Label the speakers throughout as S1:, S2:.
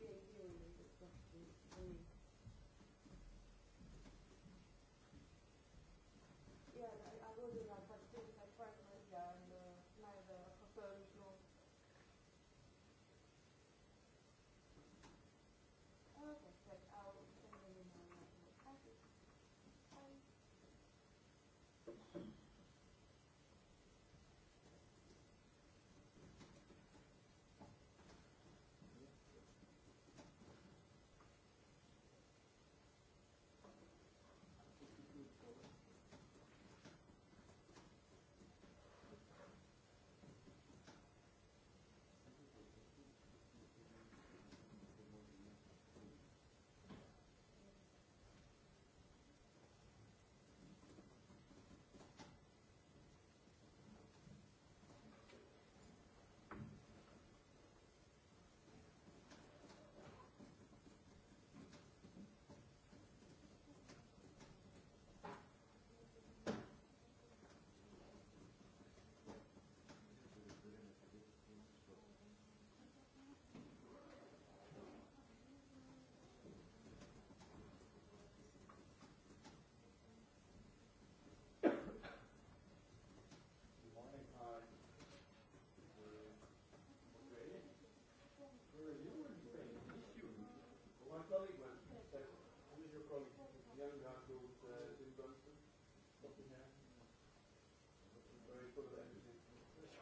S1: Thank you.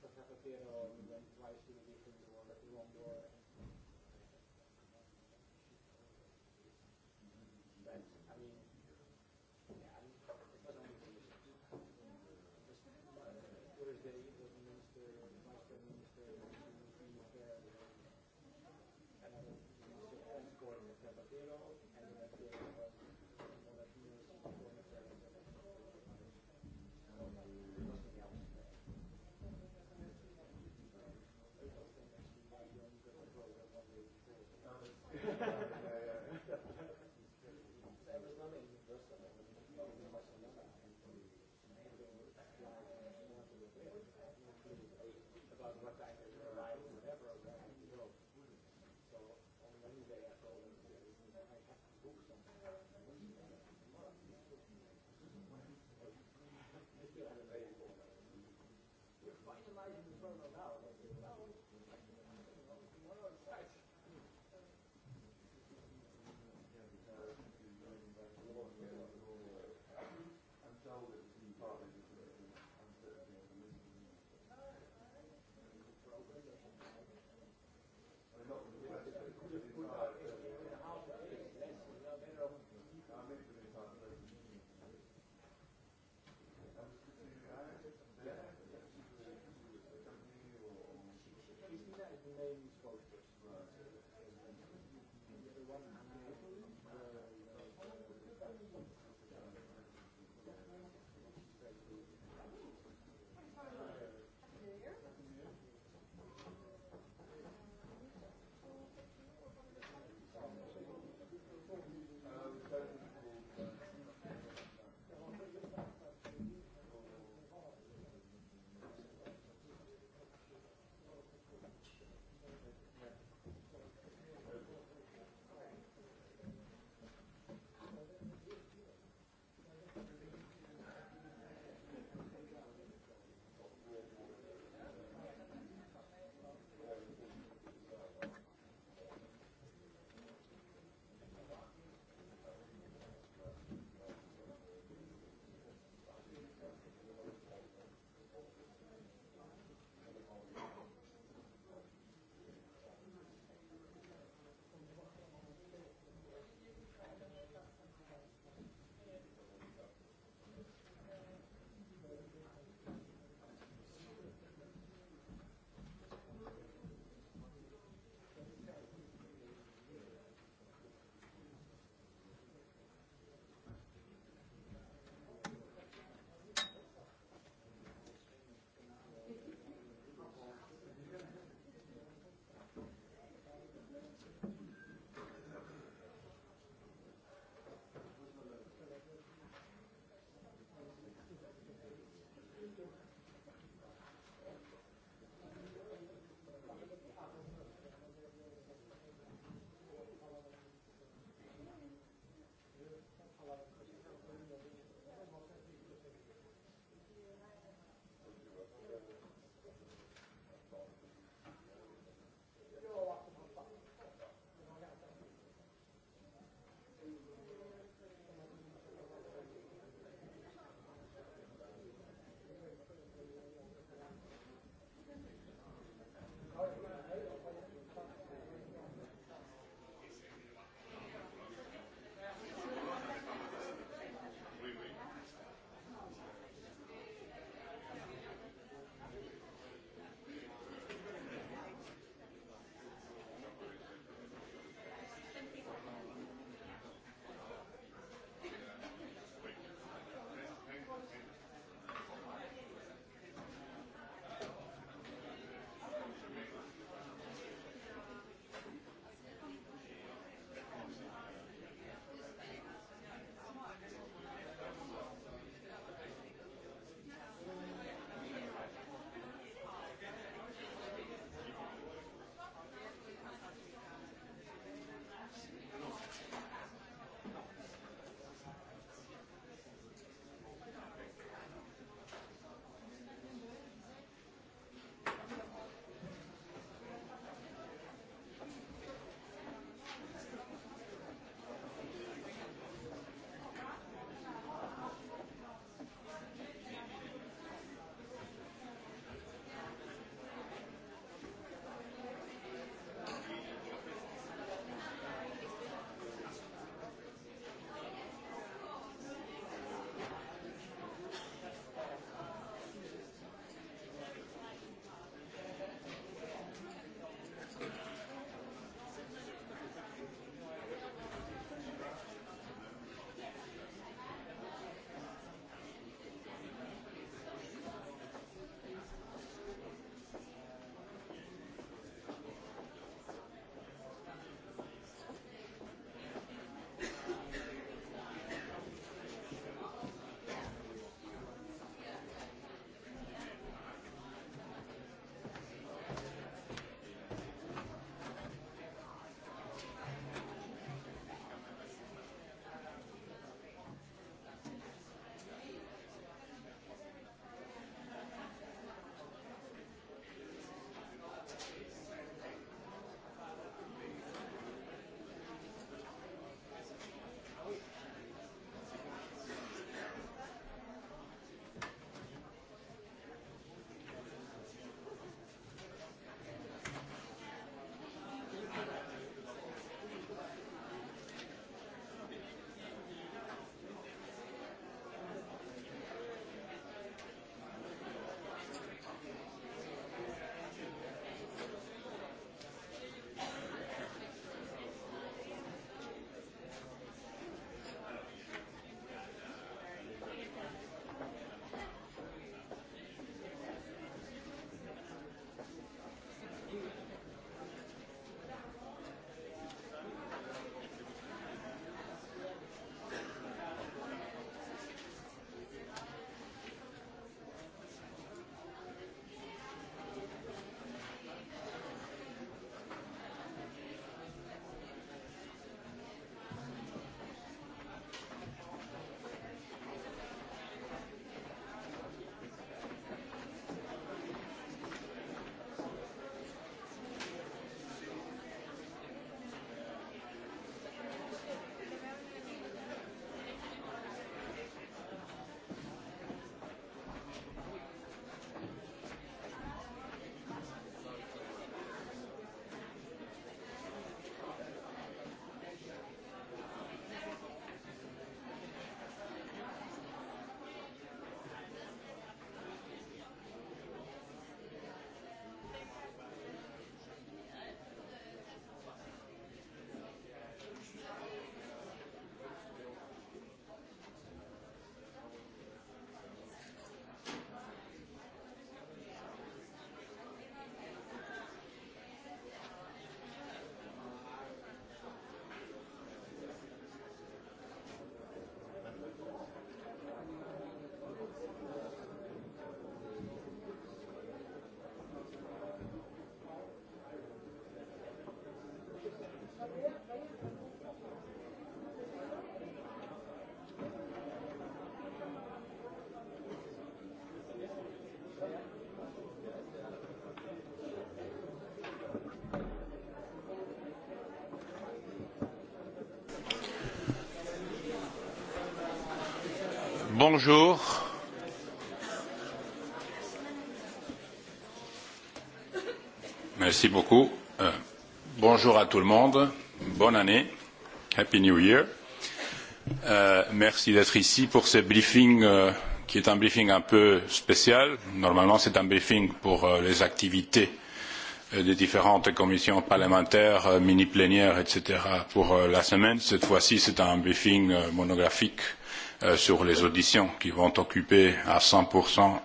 S1: staccata fiero, quali sono main focus. Right. The one
S2: Bonjour. Merci beaucoup. Euh, bonjour à tout le monde. Bonne année. Happy New Year. Euh, merci d'être ici pour ce briefing euh, qui est un briefing un peu spécial. Normalement, c'est un briefing pour euh, les activités euh, des différentes commissions parlementaires, euh, mini-plénières, etc. pour euh, la semaine. Cette fois-ci, c'est un briefing monographique Euh, sur les auditions qui vont occuper à cent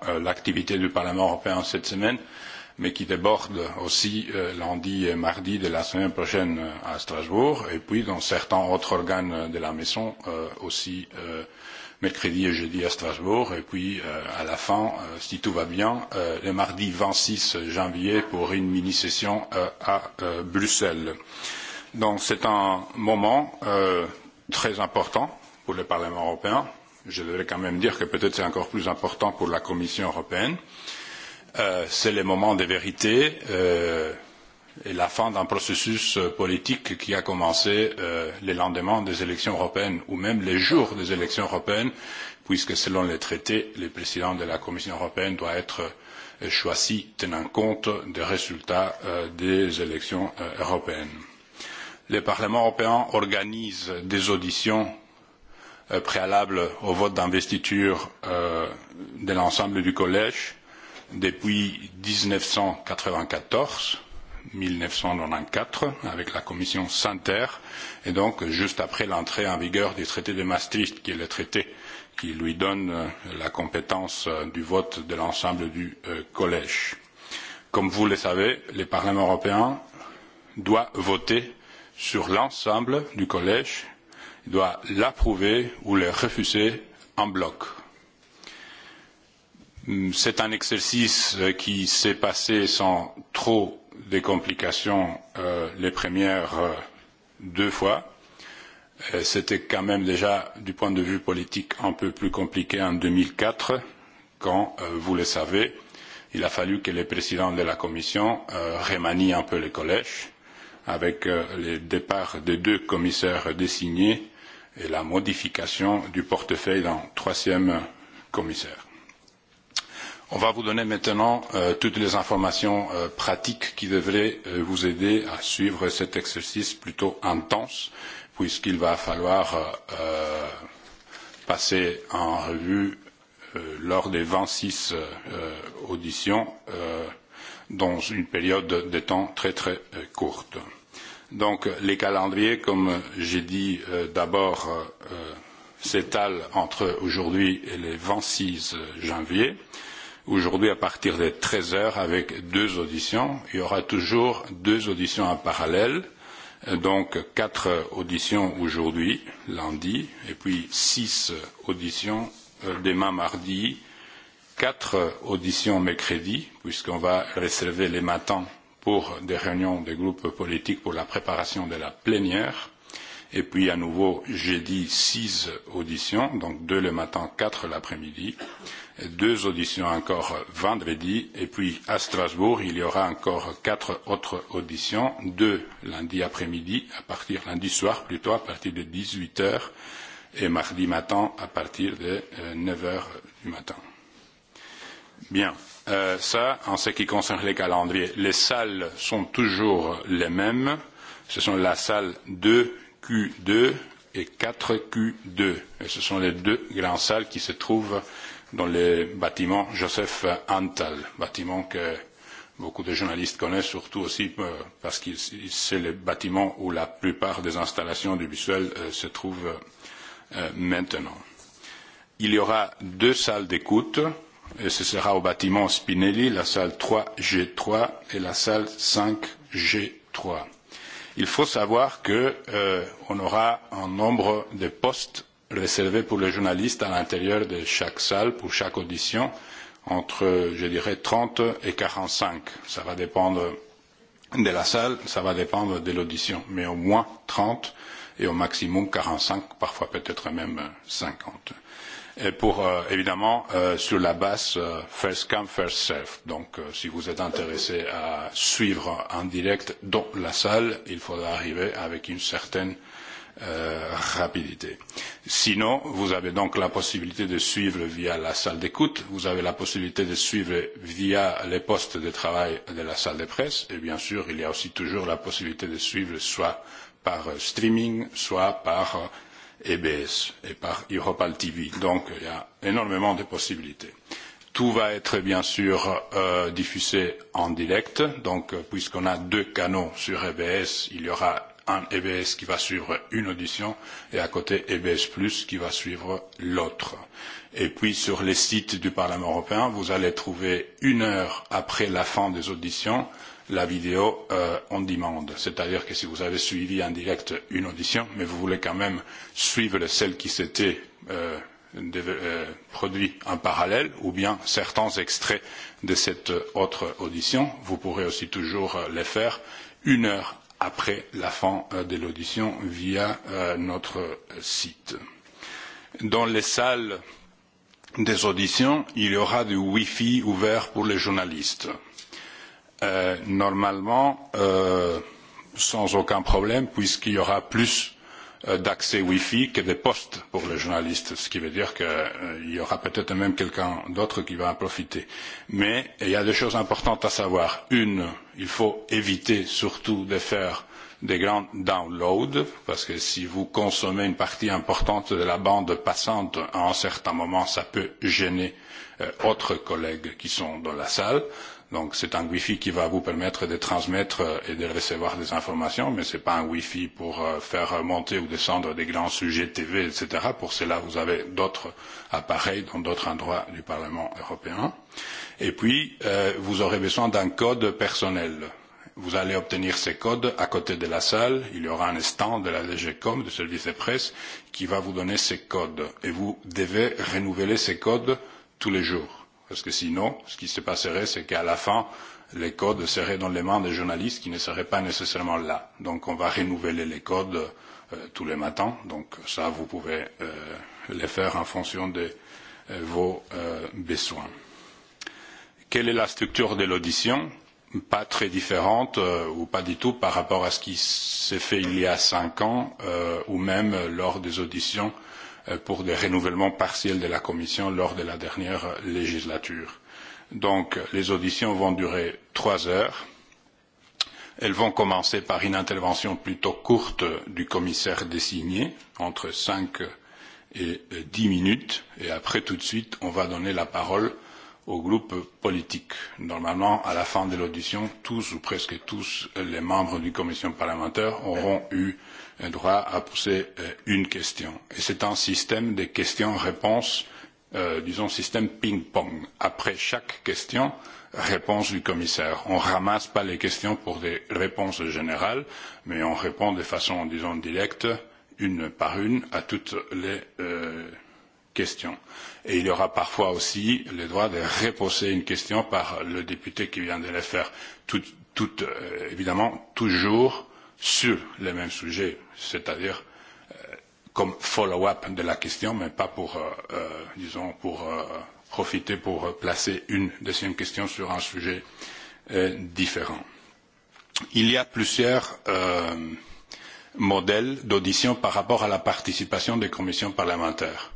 S2: euh, l'activité du Parlement européen cette semaine, mais qui débordent aussi euh, lundi et mardi de la semaine prochaine à Strasbourg, et puis dans certains autres organes de la maison aussi mercredi et jeudi à Strasbourg, et puis à la fin, si tout va bien, le mardi vingt six janvier pour une mini-session à Bruxelles. Donc c'est un moment très important pour le Parlement européen. Je devrais quand même dire que peut-être c'est encore plus important pour la Commission européenne. Euh, c'est le moment des vérités euh, et la fin d'un processus euh, politique qui a commencé euh, le lendemain des élections européennes ou même les jours des élections européennes, puisque selon les traités, le président de la Commission européenne doit être euh, choisi tenant compte des résultats euh, des élections européennes. Le Parlement européen organise des auditions Euh, préalable au vote d'investiture euh, de l'ensemble du collège depuis mille neuf cent quatre-vingt-quatorze, mille neuf cent 1994 avec la commission Santer et donc juste après l'entrée en vigueur du traité de Maastricht qui est le traité qui lui donne euh, la compétence euh, du vote de l'ensemble du collège. Comme vous le savez, le Parlement européen doit voter sur l'ensemble du collège doit l'approuver ou le refuser en bloc. C'est un exercice euh, qui s'est passé sans trop de complications euh, les premières euh, deux fois. Euh, c'était quand même déjà, du point de vue politique, un peu plus compliqué en deux mille quatre, quand, euh, vous le savez, il a fallu que les présidents de la Commission euh, remanient un peu le collège, avec le départ des deux commissaires désignés et la modification du portefeuille d'un troisième commissaire. On va vous donner maintenant euh, toutes les informations euh, pratiques qui devraient euh, vous aider à suivre cet exercice plutôt intense, puisqu'il va falloir euh, euh passer en revue euh, lors des 26 euh, auditions euh, dans une période de temps très très euh, courte. Donc les calendriers, comme j'ai dit euh, d'abord, euh, s'étalent entre aujourd'hui et le vingt six janvier. Aujourd'hui, à partir des treize heures, avec deux auditions, il y aura toujours deux auditions en parallèle. Donc quatre auditions aujourd'hui, lundi, et puis six auditions euh, demain mardi, quatre auditions mercredi, puisqu'on va réserver les matins pour des réunions des groupes politiques pour la préparation de la plénière. Et puis à nouveau jeudi six auditions, donc deux le matin, quatre l'après-midi, deux auditions encore vendredi, et puis à Strasbourg, il y aura encore quatre autres auditions, deux lundi après-midi, à partir lundi soir plutôt, à partir de dix huit heures, et mardi matin à partir de euh, neuf heures du matin. Bien. Euh, ça, en ce qui concerne les calendriers, les salles sont toujours les mêmes. Ce sont la salle 2Q2 et 4Q2. Et ce sont les deux grandes salles qui se trouvent dans le bâtiment Joseph Antal, bâtiment que beaucoup de journalistes connaissent, surtout aussi euh, parce que c'est le bâtiment où la plupart des installations du Bussel euh, se trouvent maintenant. Il y aura deux salles d'écoute et ce sera au bâtiment Spinelli, la salle 3G3 et la salle 5G3. Il faut savoir qu'on euh, aura un nombre de postes réservés pour les journalistes à l'intérieur de chaque salle, pour chaque audition, entre, je dirais, 30 et 45. Ça va dépendre de la salle, ça va dépendre de l'audition, mais au moins 30 et au maximum 45, parfois peut-être même 50 pour euh, évidemment euh, sur la base euh, first come first serve. Donc euh, si vous êtes intéressé à suivre en direct dans la salle, il faudra arriver avec une certaine euh, rapidité. Sinon, vous avez donc la possibilité de suivre via la salle d'écoute, vous avez la possibilité de suivre via les postes de travail de la salle de presse, et bien sûr, il y a aussi toujours la possibilité de suivre soit par euh, streaming, soit par EBS et par Europal TV. Donc il y a énormément de possibilités. Tout va être bien sûr euh, diffusé en direct, donc puisqu'on a deux canaux sur EBS, il y aura un EBS qui va suivre une audition et à côté EBS Plus qui va suivre l'autre. Et puis sur les sites du Parlement européen, vous allez trouver une heure après la fin des auditions la vidéo euh, on demande. C'est-à-dire que si vous avez suivi en direct une audition, mais vous voulez quand même suivre celle qui s'était euh, euh, produite en parallèle ou bien certains extraits de cette autre audition, vous pourrez aussi toujours euh, les faire une heure après la fin euh, de l'audition via euh, notre euh, site. Dans les salles des auditions, il y aura du Wi-Fi ouvert pour les journalistes. Euh, normalement, euh, sans aucun problème, puisqu'il y aura plus Euh, d'accès Wi-Fi que des postes pour les journalistes, ce qui veut dire qu'il euh, y aura peut-être même quelqu'un d'autre qui va en profiter. Mais il y a des choses importantes à savoir. Une, il faut éviter surtout de faire des grands downloads, parce que si vous consommez une partie importante de la bande passante, à un certain moment, ça peut gêner euh, autres collègues qui sont dans la salle. Euh, Donc c'est un Wi-Fi qui va vous permettre de transmettre euh, et de recevoir des informations, mais ce n'est pas un Wi-Fi pour euh, faire monter ou descendre des grands sujets TV, etc. Pour cela, vous avez d'autres appareils dans d'autres endroits du Parlement européen. Et puis, euh, vous aurez besoin d'un code personnel. Vous allez obtenir ces codes à côté de la salle. Il y aura un stand de la DGCOM, du service de presse, qui va vous donner ces codes. Et vous devez renouveler ces codes tous les jours Parce que sinon, ce qui se passerait, c'est qu'à la fin, les codes seraient dans les mains des journalistes qui ne seraient pas nécessairement là. Donc on va renouveler les codes euh, tous les matins. Donc ça, vous pouvez euh, les faire en fonction de euh, vos euh, besoins. Quelle est la structure de l'audition Pas très différente euh, ou pas du tout par rapport à ce qui s'est fait il y a cinq ans euh, ou même lors des auditions euh, pour des renouvellements partiels de la Commission lors de la dernière législature. Donc, les auditions vont durer trois heures. Elles vont commencer par une intervention plutôt courte du commissaire désigné, entre cinq et dix minutes, et après, tout de suite, on va donner la parole aux groupes politiques. Normalement, à la fin de l'audition, tous ou presque tous les membres d'une commission parlementaire auront eu un euh, droit à poser euh, une question. Et c'est un système de questions-réponses, euh, disons système ping-pong. Après chaque question, réponse du commissaire. On ne ramasse pas les questions pour des réponses générales, mais on répond de façon, disons, directe, une par une, à toutes les euh, questions et il aura parfois aussi le droit de reposer une question par le député qui vient de le faire, tout, tout, euh, évidemment toujours sur le même sujet, c'est-à-dire euh, comme follow-up de la question, mais pas pour, euh, euh disons, pour euh, profiter pour placer une deuxième question sur un sujet euh, différent. Il y a plusieurs modèles d'audition par rapport à la participation des commissions parlementaires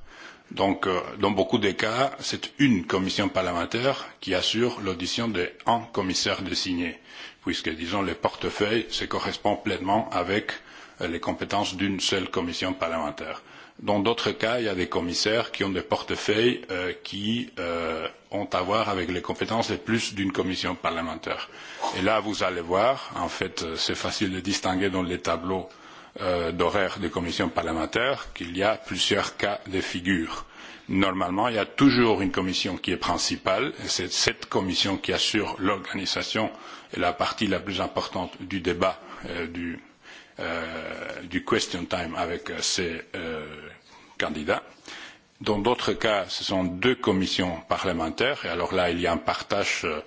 S2: Donc, euh, dans beaucoup de cas, c'est une commission parlementaire qui assure l'audition d'un commissaire désigné, puisque, disons, le portefeuille se correspond pleinement avec euh, les compétences d'une seule commission parlementaire. Dans d'autres cas, il y a des commissaires qui ont des portefeuilles euh, qui euh, ont à voir avec les compétences de plus d'une commission parlementaire. Et là, vous allez voir, en fait, euh, c'est facile de distinguer dans les tableaux Euh, d'horaire des commissions parlementaires qu'il y a plusieurs cas de figure. Normalement, il y a toujours une commission qui est principale et c'est cette commission qui assure l'organisation et la partie la plus importante du débat euh, du, euh, du question time avec euh, ces euh, candidats. Dans d'autres cas, ce sont deux commissions parlementaires et alors là, il y a un partage euh,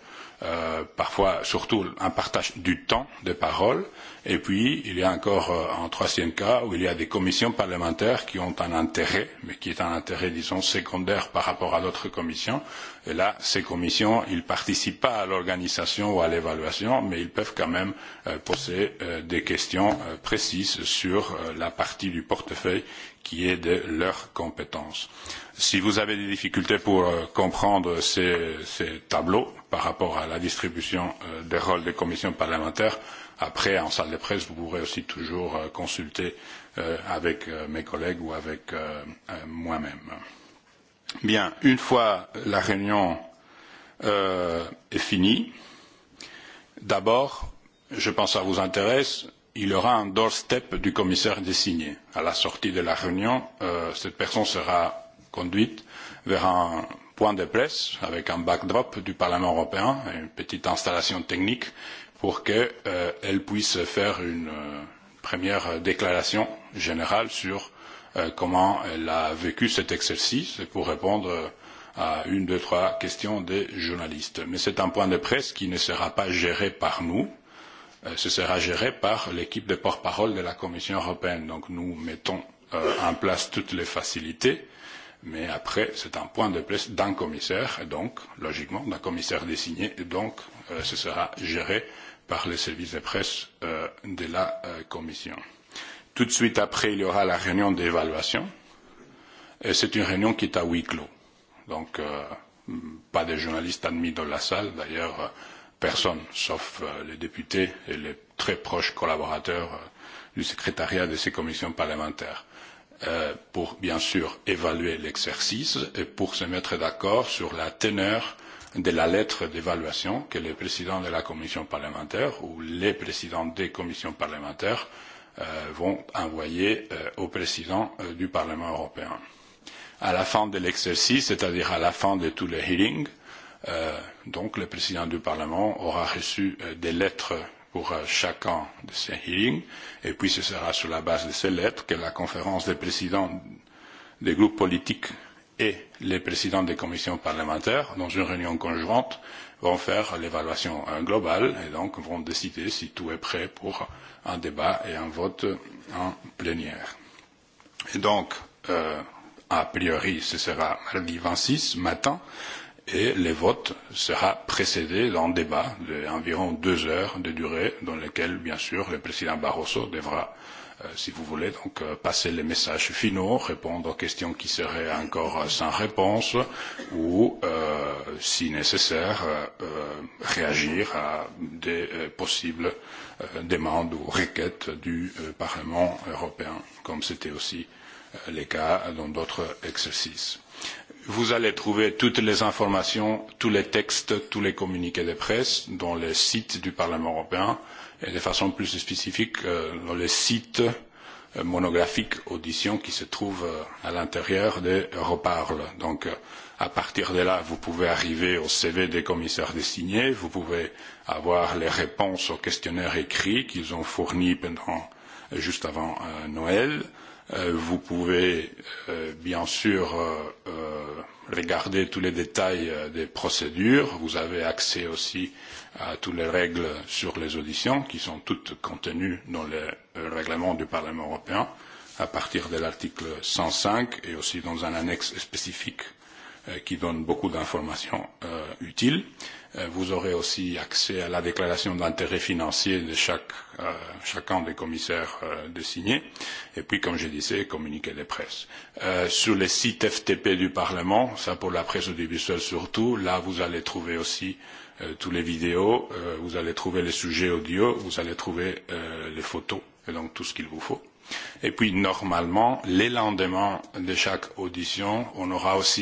S2: Euh, parfois surtout un partage du temps de parole. Et puis, il y a encore euh, un troisième cas où il y a des commissions parlementaires qui ont un intérêt, mais qui est un intérêt, disons, secondaire par rapport à d'autres commissions. Et là, ces commissions, ils ne participent pas à l'organisation ou à l'évaluation, mais ils peuvent quand même euh, poser euh, des questions euh, précises sur euh, la partie du portefeuille qui est de leurs compétences. Si vous avez des difficultés pour euh, comprendre ces, ces tableaux, par rapport à la distribution euh, des rôles des commissions parlementaires. Après, en salle de presse, vous pourrez aussi toujours euh, consulter euh, avec euh, mes collègues ou avec euh, euh, moi-même. Bien, une fois la réunion euh, est finie, d'abord, je pense que ça vous intéresse, il y aura un doorstep du commissaire désigné. À la sortie de la réunion, euh, cette personne sera conduite vers un point de presse avec un backdrop du Parlement européen et une petite installation technique pour qu'elle euh, puisse faire une euh, première déclaration générale sur euh, comment elle a vécu cet exercice pour répondre à une, deux, trois questions des journalistes. Mais c'est un point de presse qui ne sera pas géré par nous, euh, ce sera géré par l'équipe de porte-parole de la Commission européenne. Donc nous mettons euh, en place toutes les facilités Mais après, c'est un point de place d'un commissaire, et donc, logiquement, d'un commissaire désigné, et donc, euh, ce sera géré par les services de presse euh, de la euh, Commission. Tout de suite après, il y aura la réunion d'évaluation. Et c'est une réunion qui est à huis clos. Donc, euh, pas de journalistes admis dans la salle. D'ailleurs, euh, personne, sauf euh, les députés et les très proches collaborateurs euh, du secrétariat de ces commissions parlementaires Euh, pour bien sûr évaluer l'exercice et pour se mettre d'accord sur la teneur de la lettre d'évaluation que le président de la commission parlementaire ou les présidents des commissions parlementaires euh, vont envoyer euh, au président euh, du Parlement européen. À la fin de l'exercice, c'est-à-dire à la fin de tous les hearings, euh, donc le président du Parlement aura reçu euh, des lettres pour euh, chacun de ces hearings. Et puis ce sera sur la base de ces lettres que la conférence des présidents des groupes politiques et les présidents des commissions parlementaires, dans une réunion conjointe, vont faire l'évaluation euh, globale et donc vont décider si tout est prêt pour un débat et un vote en plénière. Et donc, euh, a priori, ce sera mardi 26 matin et le vote sera précédé d'un débat d'environ deux heures de durée dans lequel, bien sûr, le président Barroso devra, euh, si vous voulez, donc euh, passer les messages finaux, répondre aux questions qui seraient encore sans réponse ou, euh, si nécessaire, euh, réagir à des euh, possibles demandes ou requêtes du Parlement européen, comme c'était aussi le cas dans d'autres exercices vous allez trouver toutes les informations, tous les textes, tous les communiqués de presse dans le site du Parlement européen et de façon plus spécifique euh, dans le site euh, monographique audition qui se trouve euh, à l'intérieur de Reparle. Donc euh, à partir de là, vous pouvez arriver au CV des commissaires désignés, vous pouvez avoir les réponses aux questionnaires écrits qu'ils ont fournis pendant, euh, juste avant euh, Noël. Vous pouvez bien sûr regarder tous les détails euh, des procédures. Vous avez accès aussi à toutes les règles sur les auditions qui sont toutes contenues dans le euh, règlement du Parlement européen à partir de l'article cent cinq et aussi dans un annexe spécifique euh, qui donne beaucoup d'informations utiles. Euh, vous aurez aussi accès à la déclaration d'intérêt financier de chaque, euh, chacun des commissaires euh, Et puis, comme je disais, communiqué de presse. Euh, sur le site FTP du Parlement, ça pour la presse audiovisuelle surtout, là vous allez trouver aussi euh, toutes les vidéos, euh, vous allez trouver les sujets audio, vous allez trouver euh, les photos, et donc tout ce qu'il vous faut. Et puis, normalement, les lendemains de chaque audition, on aura aussi